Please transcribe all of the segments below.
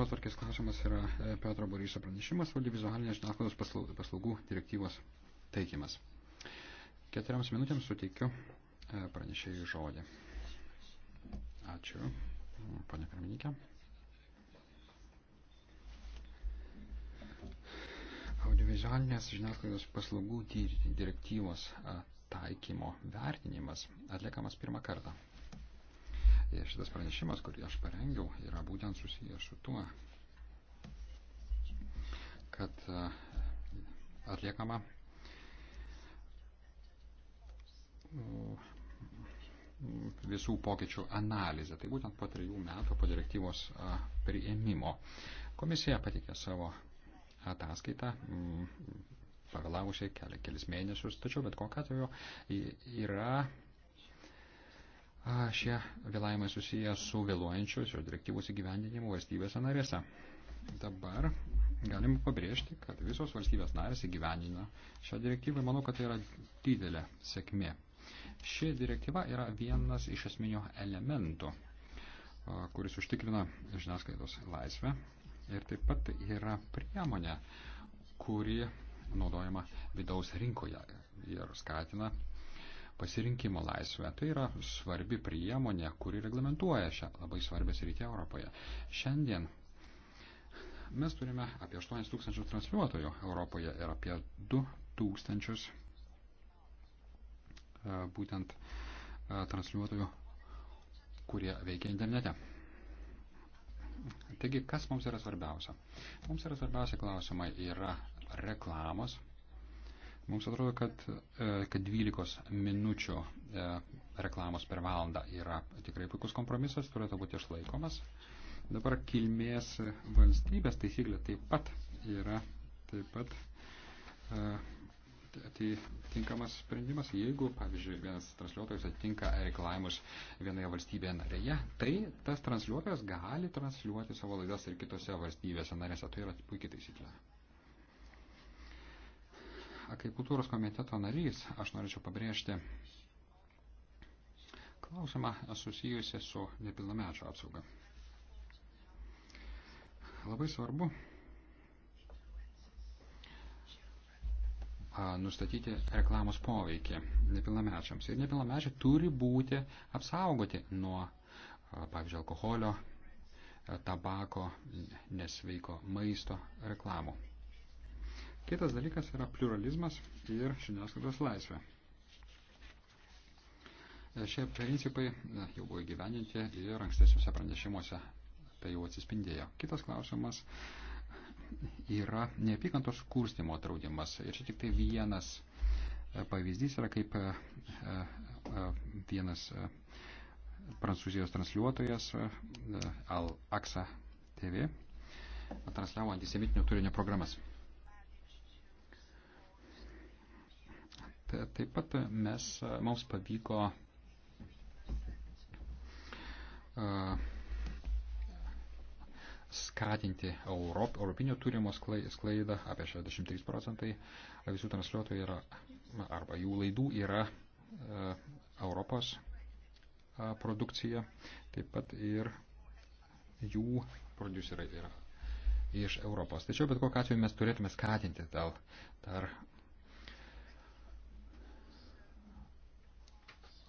Potvarkės klausimas yra e, Petro Boryso pranešimas audiovizualinės žiniasklaidos paslaugų, paslaugų direktyvos teikimas. Keturiams minutėms suteikiu e, pranešėjų žodį. Ačiū, ponia pirmininkė. Audiovizualinės žiniasklaidos paslaugų direktyvos e, taikymo vertinimas atliekamas pirmą kartą. Ir šitas pranešimas, kurį aš parengiau, yra būtent susijęs su tuo, kad e, atliekama visų pokyčių analizė. Tai būtent po trejų metų po direktyvos e, priėmimo. Komisija patikė savo ataskaitą pavėlavusiai keli, kelis mėnesius, tačiau bet kokiu atveju yra Šie vėlavimai susiję su vėluojančiu šios direktyvos įgyvendinimu valstybėse narėse. Dabar galim pabrėžti, kad visos valstybės narės įgyvendina šią direktyvą. Manau, kad tai yra didelė sėkmė. Ši direktyva yra vienas iš esminių elementų, kuris užtikrina žiniasklaidos laisvę ir taip pat yra priemonė, kuri naudojama vidaus rinkoje ir skatina pasirinkimo laisvę. Tai yra svarbi priemonė, kuri reglamentuoja šią labai svarbę sritį Europoje. Šiandien mes turime apie 8 tūkstančių transliuotojų Europoje ir apie 2 tūkstančius e, būtent e, transliuotojų, kurie veikia internete. Taigi, kas mums yra svarbiausia? Mums yra svarbiausia klausimai yra reklamos Mums atrodo, kad, e, kad 12 minučių e, reklamos per valandą yra tikrai puikus kompromisas, turėtų būti išlaikomas. Dabar kilmės valstybės taisyklė taip pat yra taip pat tai tinkamas sprendimas. Jeigu, pavyzdžiui, vienas transliuotojas atitinka reikalavimus vienoje valstybėje narėje, tai tas transliuotojas gali transliuoti savo laidas ir kitose valstybėse narėse. Tai yra puikiai taisyklė kaip kultūros komiteto narys, aš norėčiau pabrėžti klausimą susijusi su nepilnamečio apsauga. Labai svarbu nustatyti reklamos poveikį nepilnamečiams. Ir nepilnamečiai turi būti apsaugoti nuo, pavyzdžiui, alkoholio, tabako, nesveiko maisto reklamų. Kitas dalykas yra pluralizmas ir žiniasklaidos laisvė. E, šie principai e, jau buvo gyveninti ir ankstesniuose pranešimuose tai jau atsispindėjo. Kitas klausimas yra neapykantos kurstimo draudimas. Ir čia tik tai vienas e, pavyzdys yra kaip vienas prancūzijos transliuotojas Al Aksa TV transliavo antisemitinio turinio programas. taip pat mes, mums pavyko uh, skatinti Europ, europinio turimo sklaidą, apie 63 procentai visų transliuotojų yra, arba jų laidų yra uh, Europos uh, produkcija, taip pat ir jų produceriai yra iš Europos. Tačiau bet kokiu atveju mes turėtume skatinti dėl dar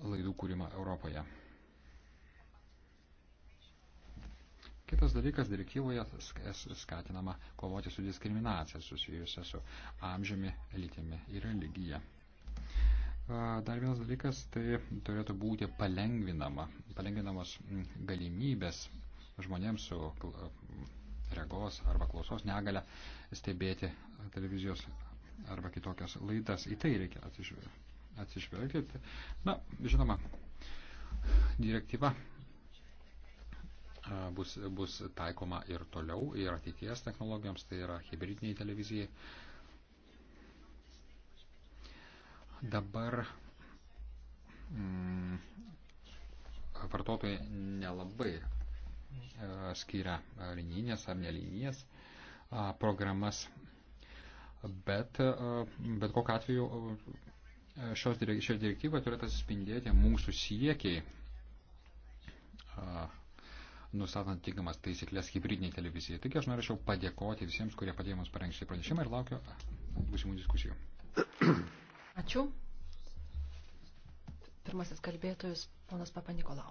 laidų kūrimą Europoje. Kitas dalykas, direktyvoje skatinama kovoti su diskriminacija susijusia su amžiumi, lytimi ir religija. Dar vienas dalykas, tai turėtų būti palengvinama, palengvinamos galimybės žmonėms su regos arba klausos negale stebėti televizijos arba kitokias laidas. Į tai reikia atsižvelgti atsižvelgia. Na, žinoma, direktyva bus, bus taikoma ir toliau, ir ateities technologijoms, tai yra hybridiniai televizijai. Dabar mm, vartotojai nelabai skiria linijinės ar nelinijinės programas, bet, bet kokiu atveju šios direktyvą, direktyvą turėtų atsispindėti mūsų siekiai, nustatant tinkamas taisyklės hybridiniai televizijai. Taigi aš norėčiau padėkoti visiems, kurie padėjo mums parengti šį pranešimą ir laukiu būsimų diskusijų. Ačiū. Pirmasis kalbėtojus, ponas Papa Nikolau.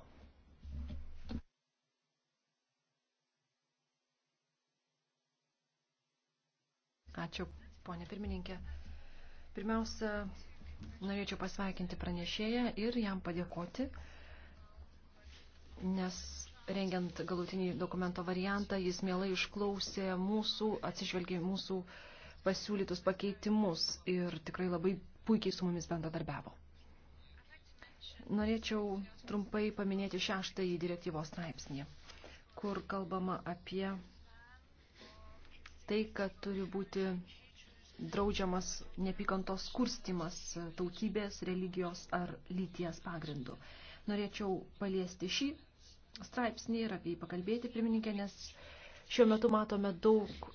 Ačiū, ponė pirmininkė. Pirmiausia, Norėčiau pasveikinti pranešėją ir jam padėkoti, nes rengiant galutinį dokumento variantą, jis mielai išklausė mūsų, atsižvelgė mūsų pasiūlytus pakeitimus ir tikrai labai puikiai su mumis bendradarbiavo. Norėčiau trumpai paminėti šeštąjį direktyvos straipsnį, kur kalbama apie tai, kad turi būti draudžiamas nepykantos kurstimas tautybės, religijos ar lyties pagrindų. Norėčiau paliesti šį straipsnį ir apie jį pakalbėti, pirmininkė, nes šiuo metu matome daug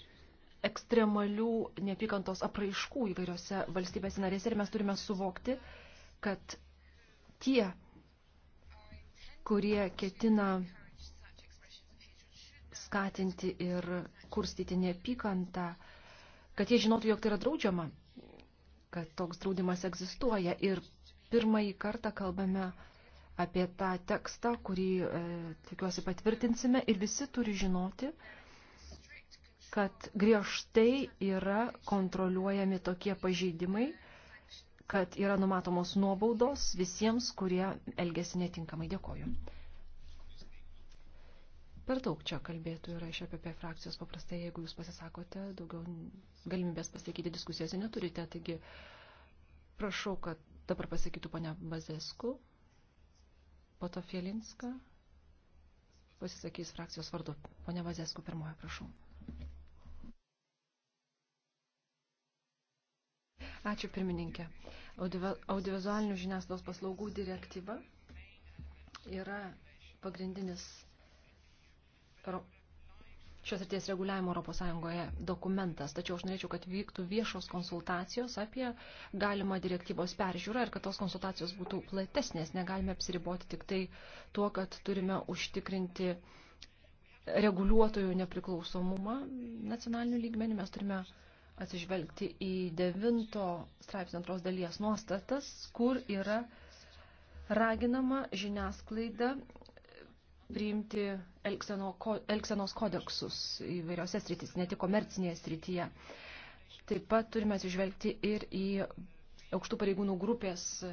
ekstremalių nepykantos apraiškų įvairiose valstybės narėse ir mes turime suvokti, kad tie, kurie ketina skatinti ir kurstyti nepykantą, kad jie žinotų, jog tai yra draudžiama, kad toks draudimas egzistuoja. Ir pirmąjį kartą kalbame apie tą tekstą, kurį, e, tikiuosi, patvirtinsime ir visi turi žinoti, kad griežtai yra kontroliuojami tokie pažeidimai, kad yra numatomos nuobaudos visiems, kurie elgesi netinkamai. Dėkoju. Per daug čia kalbėtų yra iš APP frakcijos. Paprastai, jeigu jūs pasisakote, daugiau galimybės pasakyti diskusijose neturite. Taigi, prašau, kad dabar pasakytų ponia Bazesku, po to Fielinska, pasisakys frakcijos vardu. Ponia Bazesku, pirmoje, prašau. Ačiū pirmininkė. Audiovizualinių žiniasklaidos paslaugų direktyva yra pagrindinis šios ryties reguliavimo Europos Sąjungoje dokumentas, tačiau aš norėčiau, kad vyktų viešos konsultacijos apie galimą direktyvos peržiūrą ir kad tos konsultacijos būtų platesnės. Negalime apsiriboti tik tai tuo, kad turime užtikrinti reguliuotojų nepriklausomumą nacionalinių lygmenį. Mes turime atsižvelgti į devinto straipsnio antros dalies nuostatas, kur yra raginama žiniasklaida priimti elkseno, ko, elksenos kodeksus įvairiose srityse, ne tik komercinėje srityje. Taip pat turime atsižvelgti ir į aukštų pareigūnų grupės e,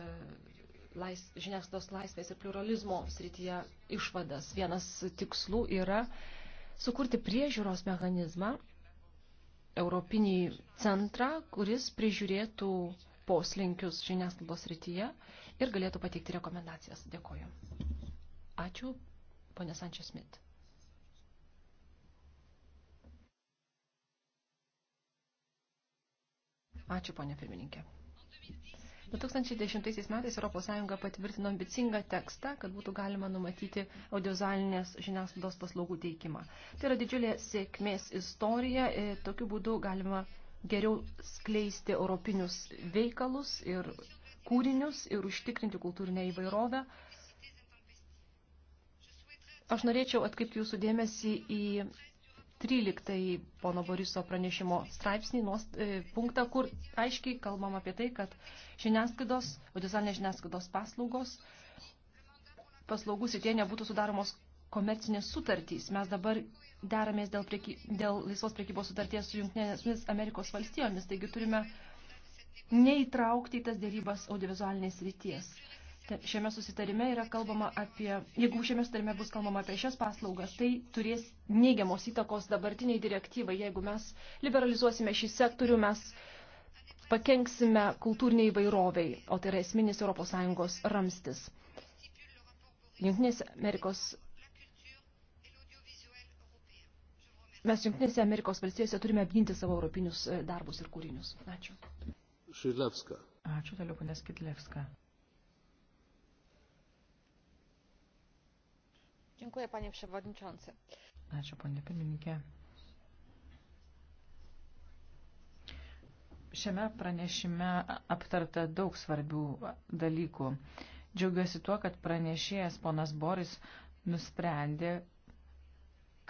lais, žiniasklaidos laisvės ir pluralizmo srityje išvadas. Vienas tikslų yra sukurti priežiūros mechanizmą, europinį centrą, kuris prižiūrėtų poslinkius žiniasklaidos srityje ir galėtų pateikti rekomendacijas. Dėkoju. Ačiū, ponė Sančias Smith. Ačiū, ponė pirmininkė. 2010 metais ES patvirtino ambicingą tekstą, kad būtų galima numatyti audiovizualinės žiniasklaidos paslaugų teikimą. Tai yra didžiulė sėkmės istorija, e, tokiu būdu galima geriau skleisti europinius veikalus ir kūrinius ir užtikrinti kultūrinę įvairovę, Aš norėčiau atkaipti jūsų dėmesį į 13 pono Boriso pranešimo straipsnį, nost, e, punktą, kur aiškiai kalbam apie tai, kad žiniasklaidos, audiovizualinės žiniasklaidos paslaugos, paslaugų sitie nebūtų sudaromos komercinės sutartys. Mes dabar deramės dėl, prieky, dėl laisvos priekybos sutarties su Junktinėmis Amerikos valstijomis, taigi turime neįtraukti į tas dėrybas audiovizualinės ryties šiame susitarime yra kalbama apie, jeigu šiame susitarime bus kalbama apie šias paslaugas, tai turės neigiamos įtakos dabartiniai direktyvai. Jeigu mes liberalizuosime šį sektorių, mes pakenksime kultūriniai įvairoviai, o tai yra esminis ES ramstis. Junktinės Amerikos Mes Junktinėse Amerikos valstijose turime apginti savo europinius e, darbus ir kūrinius. Ačiū. Šidlevska. Ačiū toliau, ponė Skidlevska. Dziękuję, panie przewodniczący. Ačiū, ponė pirmininkė. Šiame pranešime aptarta daug svarbių dalykų. Džiaugiuosi tuo, kad pranešėjas ponas Boris nusprendė,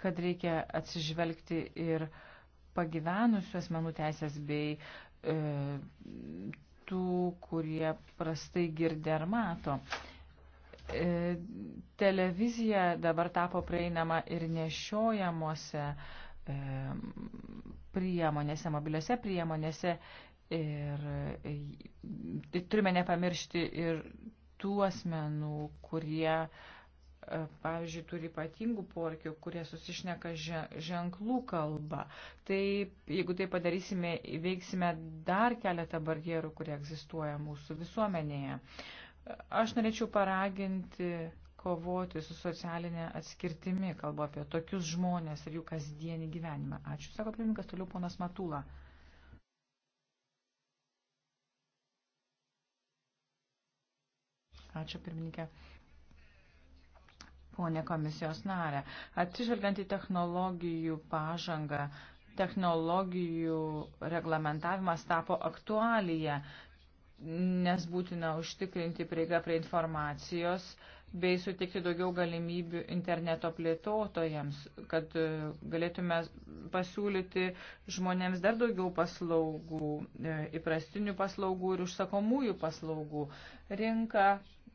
kad reikia atsižvelgti ir pagyvenusių asmenų teisės bei e, tų, kurie prastai girdė ar mato. E, E, televizija dabar tapo prieinama ir nešiojamuose e, priemonėse, mobiliuose priemonėse ir e, turime nepamiršti ir tų asmenų, kurie, pavyzdžiui, turi ypatingų porkių, kurie susišneka ženklų kalbą. Tai jeigu tai padarysime, veiksime dar keletą barjerų, kurie egzistuoja mūsų visuomenėje. Aš norėčiau paraginti kovoti su socialinė atskirtimi, kalbu apie tokius žmonės ir jų kasdienį gyvenimą. Ačiū, sako pirmininkas, toliau ponas Matula. Ačiū, pirmininkė. Pone komisijos narė, atsižvelgiant į technologijų pažangą, technologijų reglamentavimas tapo aktualija nes būtina užtikrinti prieigą prie informacijos bei suteikti daugiau galimybių interneto plėtotojams, kad e, galėtume pasiūlyti žmonėms dar daugiau paslaugų, e, įprastinių paslaugų ir užsakomųjų paslaugų. Rinka,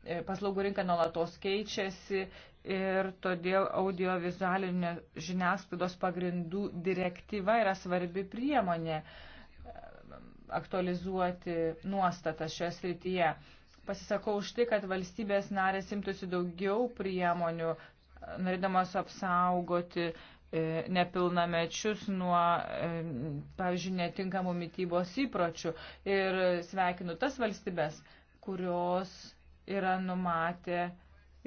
e, paslaugų rinka nuolatos keičiasi ir todėl audiovizualinio žiniasklaidos pagrindų direktyva yra svarbi priemonė. Uh, aktualizuoti nuostatas šioje srityje. Pasisakau už tai, kad valstybės narės imtųsi daugiau priemonių, norėdamas apsaugoti e, nepilnamečius nuo, e, pavyzdžiui, netinkamų mytybos įpročių. Ir sveikinu tas valstybės, kurios yra numatę,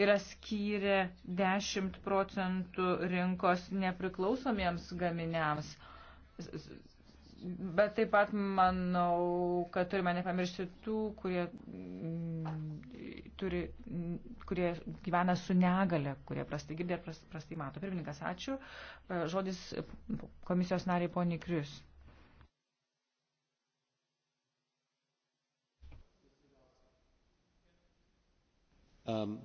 yra skyrę 10 procentų rinkos nepriklausomiems gaminiams Bet taip pat manau, kad turime nepamiršti tų, kurie, mm, turi, mm, kurie gyvena su negale, kurie prastai girdė ir prastai mato. Pirmininkas, ačiū. E, žodis komisijos nariai poniai Krius. Um,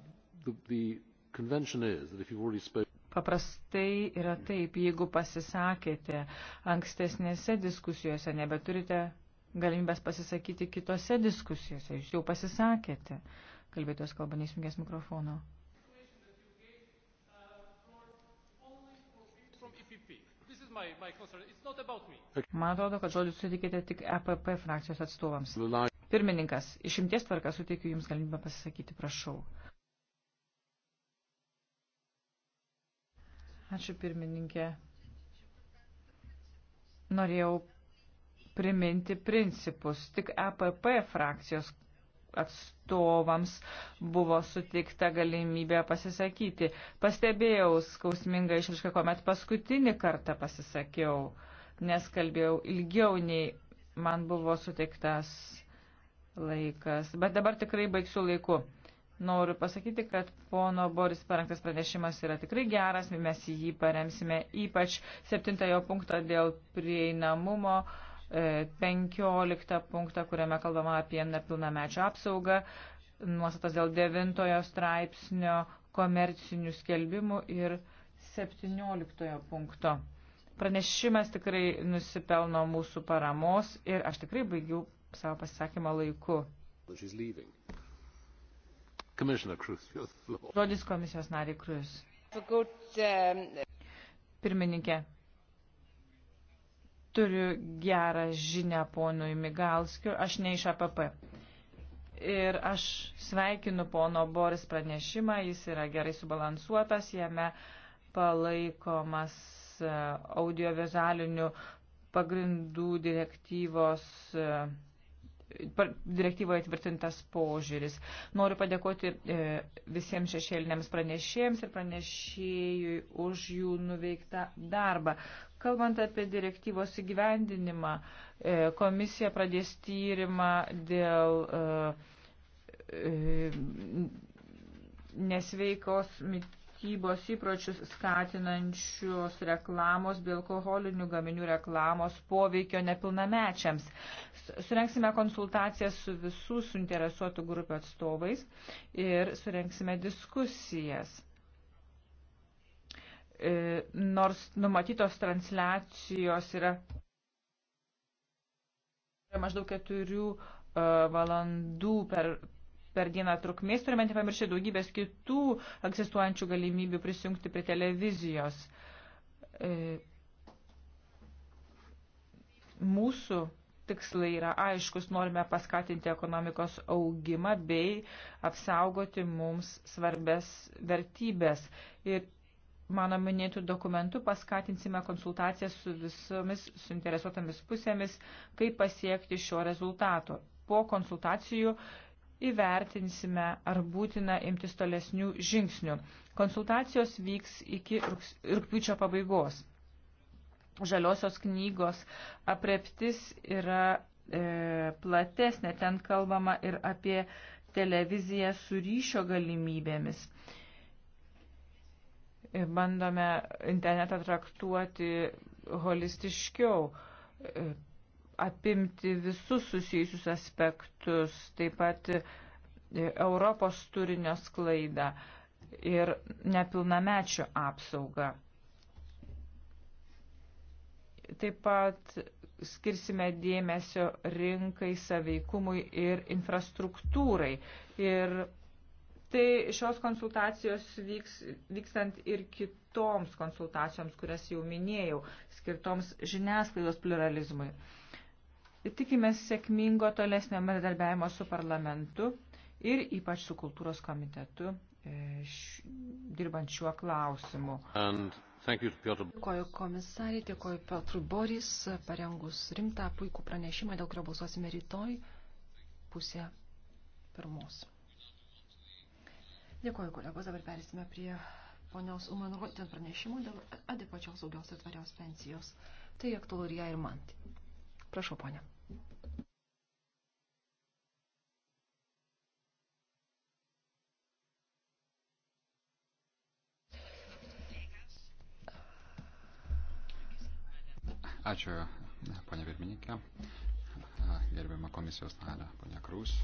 the, the convention is that if you've already spoken Paprastai yra taip, jeigu pasisakėte ankstesnėse diskusijose, nebeturite galimybės pasisakyti kitose diskusijose, jūs jau pasisakėte. Kalbėtos kalba neįsmingęs mikrofono. Man atrodo, kad žodžius sutikite tik EPP frakcijos atstovams. Pirmininkas, išimties tvarka suteikiu Jums galimybę pasisakyti, prašau. Ačiū pirmininkė. Norėjau priminti principus. Tik EPP frakcijos atstovams buvo suteikta galimybė pasisakyti. Pastebėjau skausmingą išrišką, kuomet paskutinį kartą pasisakiau, nes kalbėjau ilgiau nei man buvo suteiktas laikas. Bet dabar tikrai baigsiu laiku. Noriu pasakyti, kad pono Boris parengtas pranešimas yra tikrai geras, mes jį paremsime ypač septintojo punkto dėl prieinamumo, e, penkioliktą punktą, kuriame kalbama apie nepilnamečio apsaugą, nuostatas dėl devintojo straipsnio komercinių skelbimų ir septynioliktojo punkto. Pranešimas tikrai nusipelno mūsų paramos ir aš tikrai baigiau savo pasisakymą laiku. Žodis komisijos nariai Krius. Um, Pirmininkė, turiu gerą žinę ponui Migalskiu, aš ne iš APP. Ir aš sveikinu pono Boris pranešimą, jis yra gerai subalansuotas, jame palaikomas uh, audiovizualinių pagrindų direktyvos uh, direktyvoje tvirtintas požiūris. Noriu padėkoti e, visiems šešėliniams pranešėjams ir pranešėjui už jų nuveiktą darbą. Kalbant apie direktyvos įgyvendinimą, e, komisija pradės tyrimą dėl e, nesveikos mytybos prekybos įpročius skatinančios reklamos bei alkoholinių gaminių reklamos poveikio nepilnamečiams. Surenksime konsultaciją su visų suinteresuotų grupių atstovais ir surenksime diskusijas e, nors numatytos transliacijos yra maždaug keturių e, valandų per per dieną trukmės, turime nepamiršti daugybės kitų egzistuojančių galimybių prisijungti prie televizijos. E, mūsų tikslai yra aiškus, norime paskatinti ekonomikos augimą bei apsaugoti mums svarbės vertybės. Ir mano minėtų dokumentų paskatinsime konsultaciją su visomis suinteresuotomis pusėmis, kaip pasiekti šio rezultato. Po konsultacijų įvertinsime, ar būtina imtis tolesnių žingsnių. Konsultacijos vyks iki rūpiučio pabaigos. Žaliosios knygos apreptis yra e, platesnė, ten kalbama ir apie televiziją su ryšio galimybėmis. E, bandome internetą traktuoti holistiškiau. E, apimti visus susijusius aspektus, taip pat Europos turinio sklaidą ir nepilnamečių apsaugą. Taip pat skirsime dėmesio rinkai, saveikumui ir infrastruktūrai. Ir tai šios konsultacijos vyks, vykstant ir kitoms konsultacijoms, kurias jau minėjau, skirtoms žiniasklaidos pluralizmui. Tikimės sėkmingo tolesnio bendradarbiavimo su parlamentu ir ypač su kultūros komitetu e, š, dirbant šiuo klausimu. Dėkoju komisarį, dėkoju Petru Boris, parengus rimtą puikų pranešimą, dėl kurio balsuosime rytoj pusė pirmos. Dėkoju, kolegos, dabar perėsime prie ponios Uman Roitin pranešimų dėl adekvačios saugios ir tvarios pensijos. Tai aktualu ir ją ir man. Prašau, ponia. Ačiū, ponia Virmininkė, gerbiama komisijos narė, ponia Krūs.